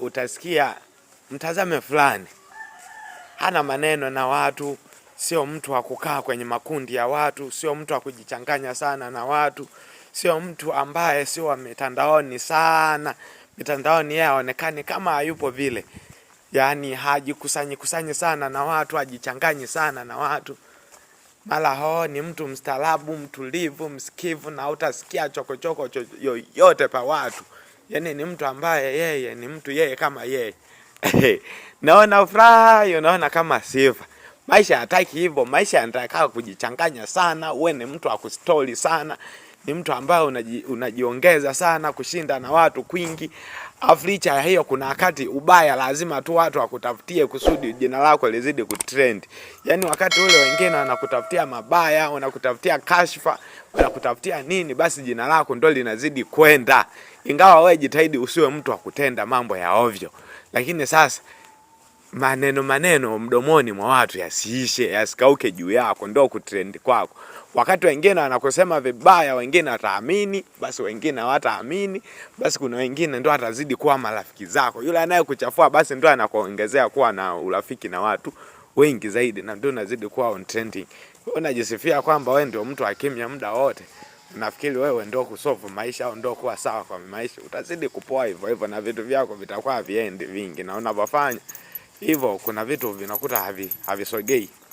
utasikia mtazame fulani hana maneno na watu, sio mtu wa kukaa kwenye makundi ya watu, sio mtu wa kujichanganya sana na watu, sio mtu ambaye sio wa mitandaoni sana. Mitandaoni yeye aonekane kama hayupo vile, yaani hajikusanyi kusanyi sana na watu, hajichanganyi sana na watu. Mara hoo ni mtu mstaarabu, mtulivu, msikivu na utasikia chokochoko yoyote pa watu yani ni mtu ambaye yeye ni mtu yeye kama yeye naona furaha unaona kama sifa. Maisha hataki hivyo, maisha yanataka kujichanganya sana, uwe ni mtu akustori sana ni mtu ambaye unaji, unajiongeza sana kushinda na watu kwingi. Afu licha ya hiyo, kuna wakati ubaya lazima tu watu wakutafutie kusudi jina lako lizidi kutrend. yani wakati ule wengine wanakutafutia mabaya, wanakutafutia kashfa, wanakutafutia nini, basi jina lako ndo linazidi kwenda, ingawa wewe jitahidi usiwe mtu wa kutenda mambo ya ovyo, lakini sasa maneno maneno mdomoni mwa watu yasiishe, yasikauke juu yako, ndo kutrend kwako. Wakati wengine wanakosema vibaya, wengine wataamini, basi wengine hawataamini, basi kuna wengine ndo atazidi kuwa marafiki zako. Yule anayekuchafua basi ndo anakuongezea kuwa na urafiki na watu wengi zaidi, na ndo unazidi kuwa on trending. Unajisifia kwamba wewe ndio mtu akimya muda wote, nafikiri wewe ndio kusofu maisha au ndio kuwa sawa kwa maisha. Utazidi kupoa hivyo hivyo, na vitu vyako vitakuwa viendi vingi na unavyofanya hivyo kuna vitu vinakuta havisogei havi